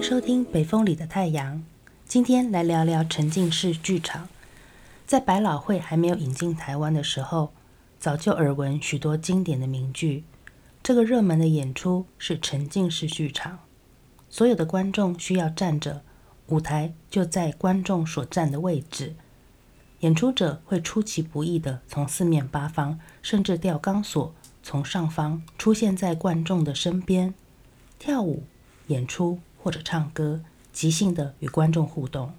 聽收聽北風裡的太陽。今天來聊聊沉浸式劇場。在百老匯還沒有引進台灣的時候，早就耳聞許多經典的名劇。這個熱門的演出是沉浸式劇場，所有的觀眾需要站着，舞台就在觀眾所站的位置。演出者會出其不意地從四面八方，甚至吊鋼索從上方出現在觀眾的身邊，跳舞演出。或者唱歌，即興的與觀眾互動，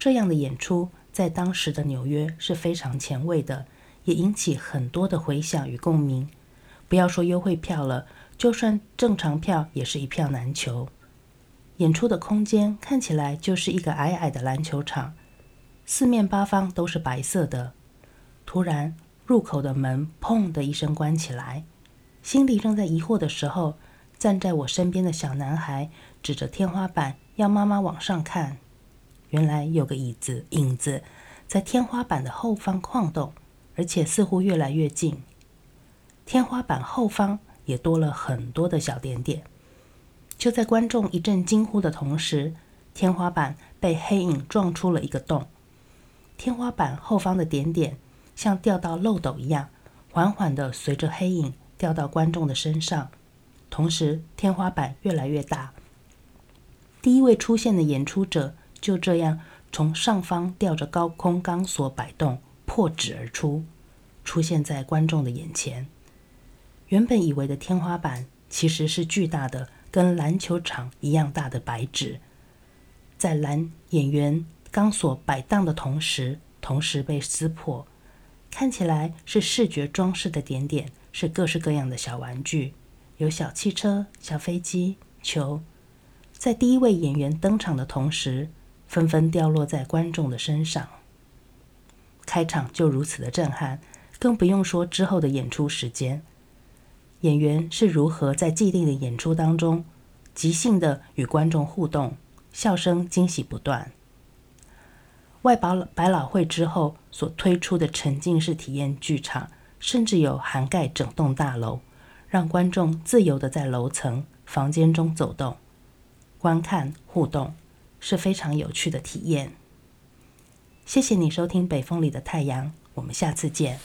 這樣的演出在當時的紐約是非常前衛的，也引起很多的回響與共鳴。不要說優惠票了，就算正常票也是一票難求。演出的空間看起來就是一個矮矮的籃球場，四面八方都是白色的。突然，入口的門砰的一聲關起來。心裡正在疑惑的時候，站在我身邊的小男孩指着天花板，要媽媽往上看。原來有個椅子影子在天花板的後方晃動，而且似乎越來越近。天花板後方也多了很多的小點點。就在觀眾一陣驚呼的同時，天花板被黑影撞出了一個洞。天花板後方的點點像掉到漏斗一樣，緩緩地隨着黑影掉到觀眾的身上。同時，天花板越來越大。第一位出現的演出者就這樣從上方吊着高空鋼索擺動，破紙而出，出現在觀眾的眼前。原本以為的天花板其實是巨大的，跟籃球場一樣大的白紙，在男演員鋼索擺盪的同時，同時被撕破，看起來是視覺裝飾的點點，是各式各樣的小玩具。有小汽車、小飛機、球，在第一位演員登場的同時，紛紛掉落在觀眾的身上。開場就如此的震撼，更不用說之後的演出時間。演員是如何在既定的演出當中，即興的與觀眾互動，笑聲、驚喜不斷。外保百老匯之後所推出的沉浸式體驗劇場，甚至有涵蓋整棟大樓。讓觀眾自由的在樓層、房間中走動、觀看、互動，是非常有趣的體驗。謝謝你收聽《北風裡的太陽》，我們下次見。